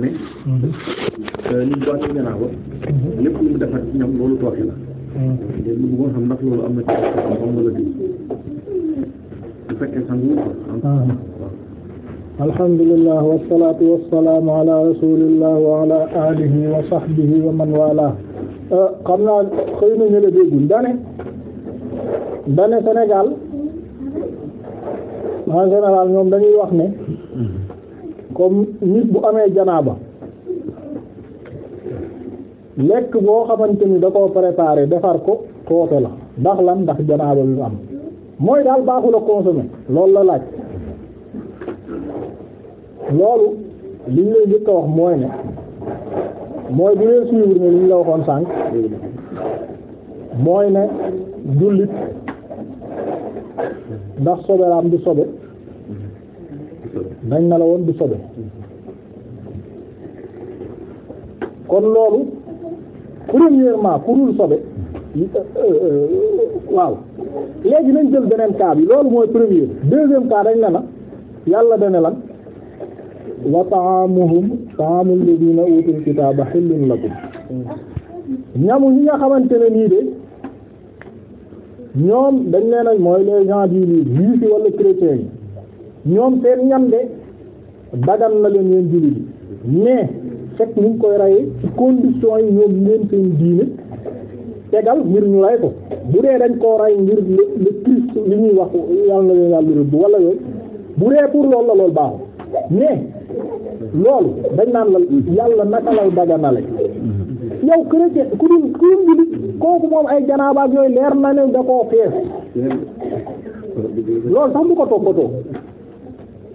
ne. li ñu toog ci gànnaaw lépp lu mu defar ci ñoom loolu tooke la. léegi ñu bëggoon xam ndax loolu am na ci xam-xam wala déet bu fekkee sànq wu ñu alhamdulillah wasalaatu wasalaamu ala rasulillah wa ala alihi wa sahbihi wa man wala euh, xam naa xëy na ñu la déggul dane dane Sénégal en général ñoom dañuy wax ne comme nit bu amee janaaba lekk boo xamante ni da koo préparé defar ko toote la ndax lan ndax janaaba bi mu am mooy daal baaxul a consommer loolu la laaj loolu li ñu lay wax mooy ne mooy bu dee suivre li ñu la waxoon sànq mooy ne jullit ndax soberaam du sobe dañ na la woon du sobe kon loolu premièrement ku dul sobe euh, euh, waaw léegi nañ jël beneen cas bi loolu mooy premier deuxième cas dañ na na yàlla dane lan wa ta'amuhum ta'amul ladina utul kitaba hillun lakum ñamu ñi nga xamante ne nii de ñoom dañ leen mooy les gens du livre juifs wala chrétiens yi ñoom seen ñam de dagan na leen ngeen julli bi mais fekk ñu ngi koy rey condition yi ñoom leen seen diine tegal ngir ñu rey ko bu dee dañ koo rey ngir le le Christ li ñuy wax yàlla na leen yàlla rëbb wala yooyu bu dee pour loolu la loolu baaxul mais loolu dañ naan la yàlla naka lay daganale yow chrétien ku dul ku dul kooku moom ay janaabaak yooyu leer na ne da koo fees loolu sax bu ko toppatoo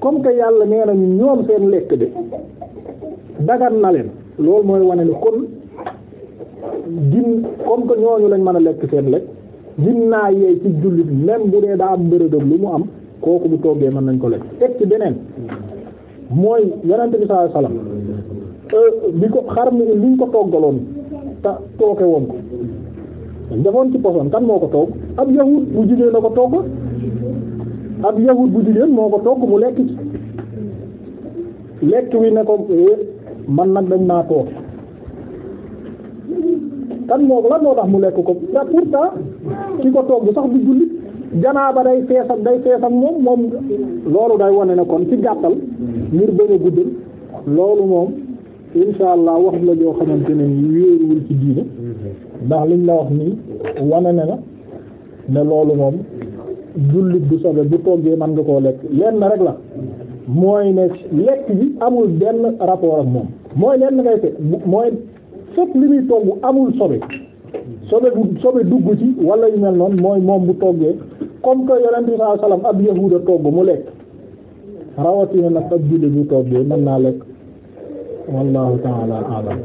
comme que yàlla nee nañu ñoom seen lekk de dagan na leen loolu mooy wane ni kon comme que ñooñu lañ mën a lekk seen lekk gin naa yeey ci jullit même bu dee daa am mbërëgëm lu mu am kooku bu toggee mën nañ ko lekk teg ci beneen mooy yonent bi sallallahu alayhi euh, bi ko xar mi liñ ko toggaloon te tooke woon ko defoon ci poson kan moo ko toog ab yahut bu jigéen na ko togg ak yahut bu jigéen moo ko togg mu lekk ci lekk wi ne ko eh, man nag dañ naa toog kan moo lan moo tax mu lekk ko te pourtant ki ko togg sax du jullit janaaba day feesam day feesam moom moom loolu day wane ne kon ci gàttal ngir bañ a guddal loolu moom insha allah wax la joo xamante ne wéeruwul ci diine mm-hmm. ndax liñ la wax nii wane ne na ne loolu moom jullit bu sobe bu toggee man nga koo lekk lenn rek la mooy ne lekk bi amul benn rapport ak moom mooy lenn ngay te mooy fépp li muy togg amul sobe sobe bu sobe dugg ci wala yu mel noonu mooy moom bu toggee comme que yonent bi sallallahu alayhi wasallam ab yahuda togg mu lekk rawatina nag ab jullit bu toggee mën naa lekk wallahu ta'ala a'lam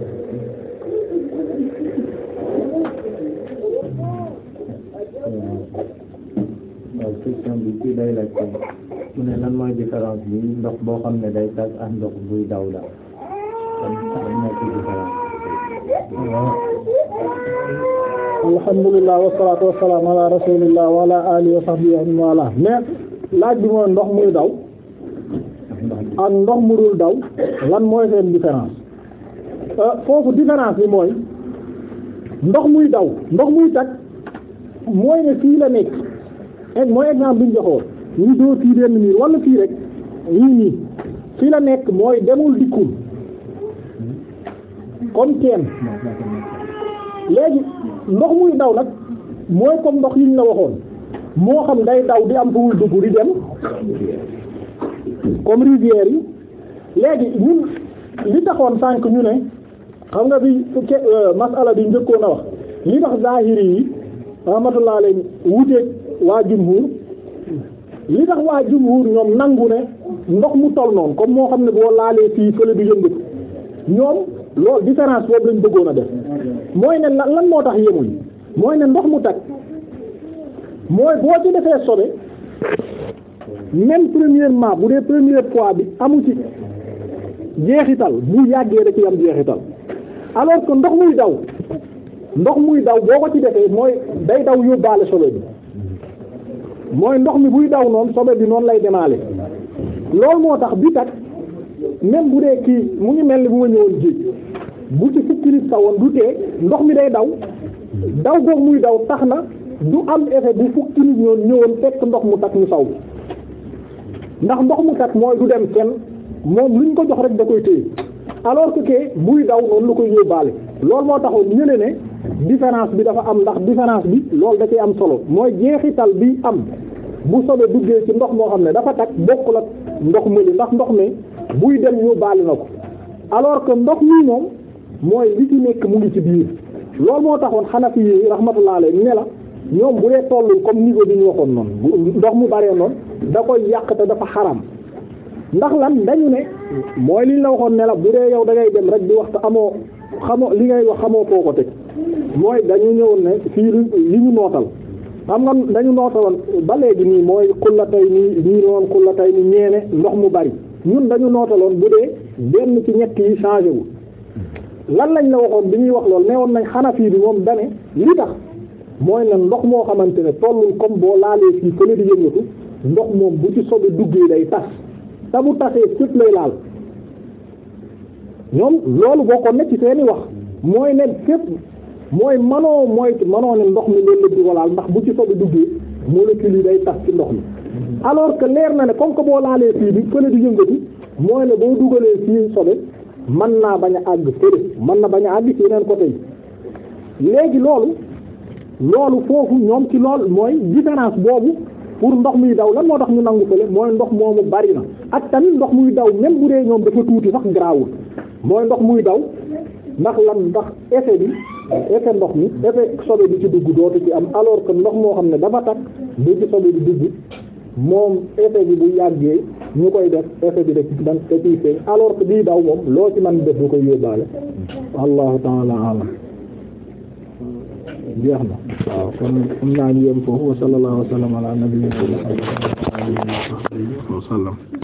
question bi kii day laaj ko mu ne lan mooy différence bi ndox boo xam ne day tàgg ak daw la kon lan mooy ci différence alhamdulilah wasalaatu wasalaam ala rasulillah laaj bi mooy ndox muy daw ndox mu dul daw lan mooy seen différence euh, foofu différence bi mooy ndox muy daw ndox muy tàgg mooy ne fii la nekk mooy exemple bi ñu joxoon ñu dóor fii benn miir wala fii rek ñii nii fii la nekk mooy demul dikkul comme teen léegi ndox muy daw nag mooy comme ndox yi ñu la waxoon moo xam day daw di am fu muy dugg di dem comme rivière yi léegi li taxoon sànk ñu ne xam nga bi euh, masala bi njëkkoon a wax li tax zahiri yi rahmatullah alayhi wuteek waa jumhur li tax waa jumhur ñoom nangu ne ndox mu toll noonu comme moo xam ne boo laalee fii fële bi yëngatu ñoom lool différence boobu lañ bëggoon a def mooy ne lan lan moo tax yemuñ mooy ne ndox mu tag mooy boo ci defee sobe même premièrement bu dee premier pois bi amu ci jeexital muy yàggee da ci am jeexital alors que ndox muy daw ndox muy daw boo ko ci defee mooy day daw yóbbaale sobe bi mooy ndox mi buy daw noonu sobe bi noonu lay demaale loolu moo tax bi tak même bu dee kii mu ngi mel ni bu ma ñëwoon ji bu ci fukki nit sawoon du tee ndox mi day daw daw goog muy daw tax na du am effet bu fukki nit ñoon ñëwoon ndox mu tak ñu saw ndax ndox mu tak mooy du dem kenn moom luñ ko jox rek da koy téye alors que buy daw noonu lu koy yóbbaale loolu moo taxoon ñële ne différence bi dafa am ndax différence bi loolu da ciy am solo mooy jeexital bi am bu sobe duggee ci ndox moo xam ne dafa takk bokkul ak ndox mëli ndax ndox mi buy dem ñu baali na ko alors que ndox mi moom mooy li ci nekk mu ngi ci biir loolu moo taxoon Hanafi yi rahmatullah alayhi ne la ñoom bu dee tollul comme niveau bi ñu waxoon noonu bu ndox mu baree noonu da koy yàq te dafa xaram ndax lan dañu ne mooy li ñu la waxoon ne bu dee yow da ngay dem rek di wax te amoo xamoo li ngay wax xamoo koo ko teg mooy dañu ñëwoon ne fii li ñu nootal xam nga dañu nootaloon ba léegi nii mooy xulla nii ñii noon xulla tay ñeene ndox mu bari mun dañu nootaloon bu dee benn ci ñett yi changé wu lan lañ la waxoon bi ñuy wax lool ne woon nañ xanafi bi moom dane li tax mooy na ndox moo xamante ne tollul comme boo laalee fii fële di yëngatu ndox moom bu ci sobe duggee day tas te bu tasee fépp lay laal ñoom loolu bokkoon na ci seeni wax mooy ne fépp mooy manoo mooy manoo ne ndox mi loolu la dugalaal ndax bu ci sobi duggee molécule yi day tas ci ndox mi alors que leer na ne comme que boo laalee fii bi fële di yëngatu mooy ne boo dugalee fii sobe mën naa bañ a àgg fële mën na bañ a àgg ci yeneen côté yi léegi loolu loolu foofu ñoom ci lool mooy différence boobu pour ndox muy daw lan moo tax ñu nangu fële mooy ndox moomu bari na ak tamit ndox muy daw même bu dee ñoom dafa tuuti sax garaawul mooy ndox muy daw ndax lan ndax bi effet ndox mi effet sobe bi ci dugg dootu ci am alors que ndox moo xam ne dafa takk ba ci sobe bi dugg moom effet bi bu yàggee ñu koy def effet bi def dan da ciy daw moom loo ci man def du koy yóbbaale allahu taala alam jeex na waaw kon am naa ñu foofu wa sallallahu wa sallam ala nabiyyina muhammad wa sallam